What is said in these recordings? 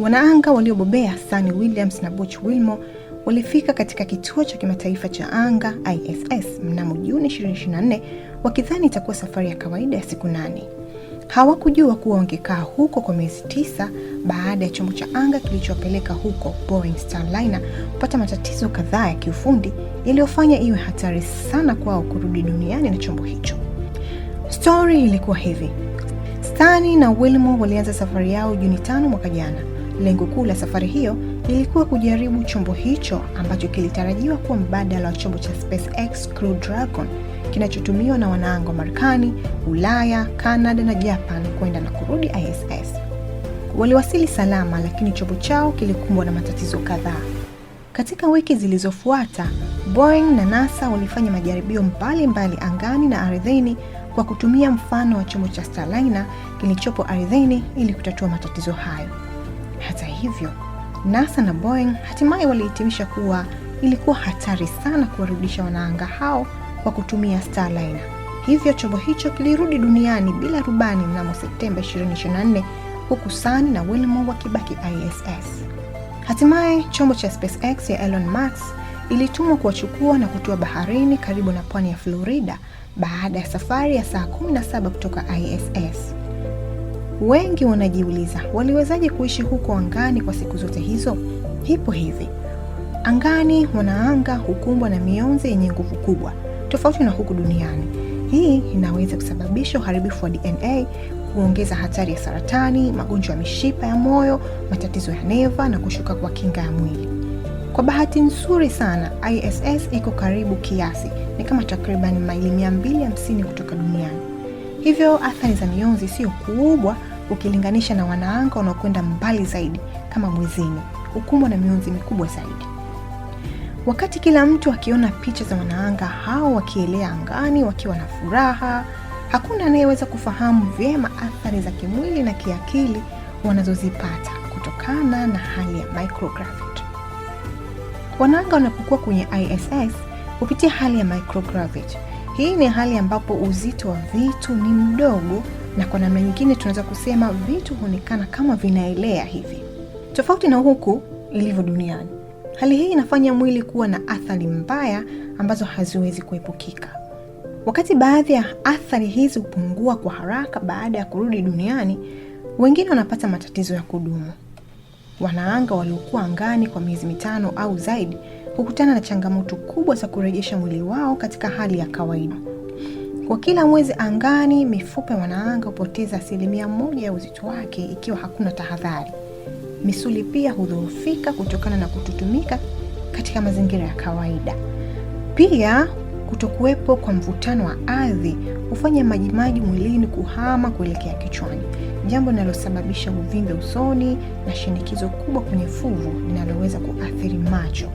Wanaanga waliobobea Sunny Williams na Butch Wilmore walifika katika kituo cha kimataifa cha anga ISS mnamo Juni 2024 wakidhani itakuwa safari ya kawaida ya siku nane. Hawakujua kuwa wangekaa huko kwa miezi tisa baada ya chombo cha anga kilichowapeleka huko, Boeing Starliner, kupata matatizo kadhaa ya kiufundi yaliyofanya iwe hatari sana kwao kurudi duniani na chombo hicho. Stori ilikuwa hivi: Stani na Wilmo walianza safari yao Juni tano mwaka jana Lengo kuu la safari hiyo lilikuwa kujaribu chombo hicho ambacho kilitarajiwa kuwa mbadala wa chombo cha SpaceX Crew Dragon kinachotumiwa na wanaanga wa Marekani, Ulaya, Kanada na Japan kwenda na kurudi ISS. Waliwasili salama, lakini chombo chao kilikumbwa na matatizo kadhaa. Katika wiki zilizofuata, Boeing na NASA walifanya majaribio mbalimbali angani na ardhini kwa kutumia mfano wa chombo cha Starliner kilichopo ardhini ili kutatua matatizo hayo hivyo, NASA na Boeing hatimaye walihitimisha kuwa ilikuwa hatari sana kuwarudisha wanaanga hao kwa kutumia Starliner. Hivyo chombo hicho kilirudi duniani bila rubani mnamo Septemba 2024 huku Sun na Wilmore wakibaki ISS. Hatimaye chombo cha SpaceX ya Elon Musk ilitumwa kuwachukua na kutua baharini karibu na pwani ya Florida baada ya safari ya saa 17 kutoka ISS. Wengi wanajiuliza waliwezaje kuishi huko angani kwa siku zote hizo? Hipo hivi, angani wanaanga hukumbwa na mionzi yenye nguvu kubwa, tofauti na huku duniani. Hii inaweza kusababisha uharibifu wa DNA, kuongeza hatari ya saratani, magonjwa ya mishipa ya moyo, matatizo ya neva na kushuka kwa kinga ya mwili. Kwa bahati nzuri sana, ISS iko karibu kiasi, ni kama takriban maili 250 kutoka duniani, hivyo athari za mionzi sio kubwa ukilinganisha na wanaanga wanaokwenda mbali zaidi kama mwezini, ukubwa na mionzi mikubwa zaidi. Wakati kila mtu akiona picha za wanaanga hao wakielea angani wakiwa na furaha, hakuna anayeweza kufahamu vyema athari za kimwili na kiakili wanazozipata kutokana na hali ya microgravit Wanaanga wanapokuwa kwenye ISS hupitia hali ya microgravit Hii ni hali ambapo uzito wa vitu ni mdogo na kwa namna nyingine tunaweza kusema vitu huonekana kama vinaelea hivi, tofauti na huku ilivyo duniani. Hali hii inafanya mwili kuwa na athari mbaya ambazo haziwezi kuepukika. Wakati baadhi ya athari hizi hupungua kwa haraka baada ya kurudi duniani, wengine wanapata matatizo ya kudumu. Wanaanga waliokuwa angani kwa miezi mitano au zaidi hukutana na changamoto kubwa za kurejesha mwili wao katika hali ya kawaida. Kwa kila mwezi angani, mifupa ya wanaanga hupoteza asilimia moja ya uzito wake ikiwa hakuna tahadhari. Misuli pia hudhoofika kutokana na kututumika katika mazingira ya kawaida. Pia kutokuwepo kwa mvutano wa ardhi hufanya majimaji mwilini kuhama kuelekea kichwani, jambo linalosababisha uvimbe usoni na shinikizo kubwa kwenye fuvu linaloweza kuathiri macho.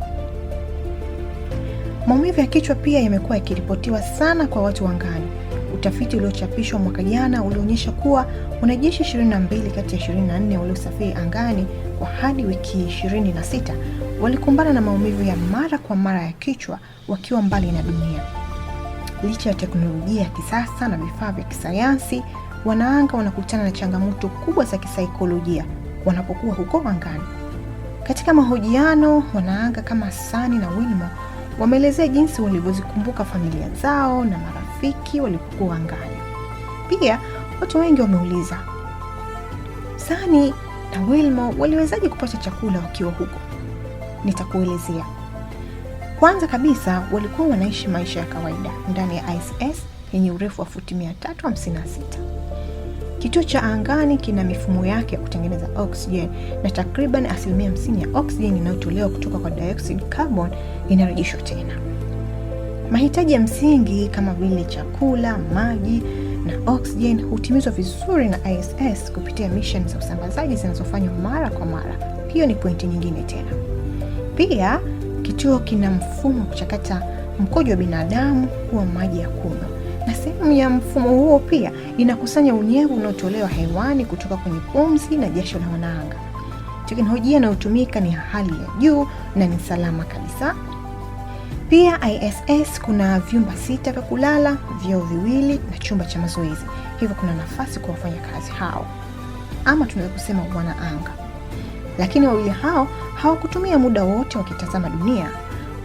Maumivu ya kichwa pia yamekuwa yakiripotiwa sana kwa watu wangani Utafiti uliochapishwa mwaka jana ulionyesha kuwa wanajeshi 22 kati ya 24 waliosafiri angani kwa hadi wiki 26 walikumbana na maumivu ya mara kwa mara ya kichwa wakiwa mbali na dunia. Licha ya teknolojia ya kisasa na vifaa vya kisayansi, wanaanga wanakutana na changamoto kubwa za kisaikolojia wanapokuwa huko angani. Katika mahojiano, wanaanga kama Sani na Winmo Wameelezea jinsi walivyozikumbuka familia zao na marafiki walipokuwa angani. Pia watu wengi wameuliza Sani na wilmo waliwezaje kupata chakula wakiwa huko? Nitakuelezea. Kwanza kabisa walikuwa wanaishi maisha ya kawaida ndani ya ISS yenye urefu wa futi 356. Kituo cha angani kina mifumo yake ya kutengeneza oksijeni na takriban asilimia 50 ya oksijeni inayotolewa kutoka kwa dioxide carbon inarejeshwa tena. Mahitaji ya msingi kama vile chakula, maji na oksijeni hutimizwa vizuri na ISS kupitia mission za usambazaji zinazofanywa mara kwa mara. Hiyo ni pointi nyingine tena. Pia kituo kina mfumo wa kuchakata mkojo wa binadamu kuwa maji ya kunywa na sehemu ya mfumo huo pia inakusanya unyevu unaotolewa hewani kutoka kwenye pumzi na jasho la wanaanga. Teknolojia inayotumika ni hali ya juu na ni salama kabisa. Pia ISS kuna vyumba sita vya kulala, vyoo viwili na chumba cha mazoezi, hivyo kuna nafasi kwa wafanyakazi hao, ama tunaweza kusema wanaanga. Lakini wawili hao hawakutumia muda wote wakitazama dunia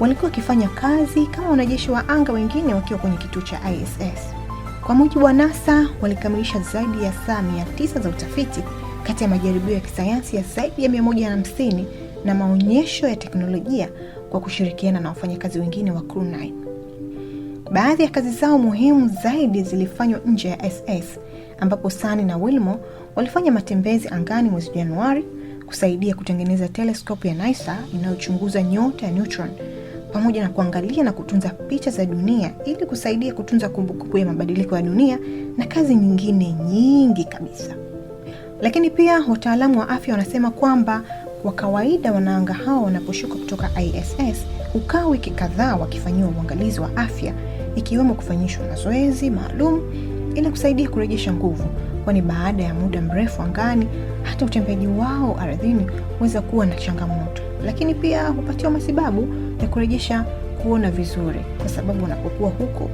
walikuwa wakifanya kazi kama wanajeshi wa anga wengine wakiwa kwenye kituo cha ISS. Kwa mujibu wa NASA, walikamilisha zaidi ya saa tisa za utafiti kati ya majaribio ya kisayansi ya zaidi ya 150 na maonyesho ya teknolojia kwa kushirikiana na wafanyakazi wengine wa Crew 9. Baadhi ya kazi zao muhimu zaidi zilifanywa nje ya SS ambapo Sani na Wilmo walifanya matembezi angani mwezi Januari kusaidia kutengeneza teleskopu ya NASA inayochunguza nyota ya neutron pamoja na kuangalia na kutunza picha za dunia ili kusaidia kutunza kumbukumbu ya mabadiliko ya dunia na kazi nyingine nyingi kabisa. Lakini pia wataalamu wa afya wanasema kwamba kwa kawaida wanaanga hao wanaposhuka kutoka ISS hukaa wiki kadhaa wakifanyiwa uangalizi wa afya, ikiwemo kufanyishwa mazoezi maalum ili kusaidia kurejesha nguvu, kwani baada ya muda mrefu angani hata utembeaji wao ardhini huweza kuwa na changamoto. Lakini pia hupatiwa matibabu ya kurejesha kuona vizuri, kwa sababu unapokuwa huko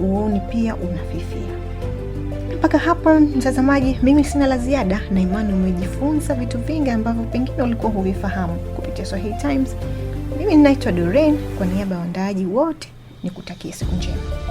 uoni pia unafifia. Mpaka hapo mtazamaji, mimi sina la ziada, na imani umejifunza vitu vingi ambavyo pengine ulikuwa huvifahamu kupitia Swahili Times. Mimi ninaitwa Doreen, kwa niaba ya waandaaji wote kutakia siku njema.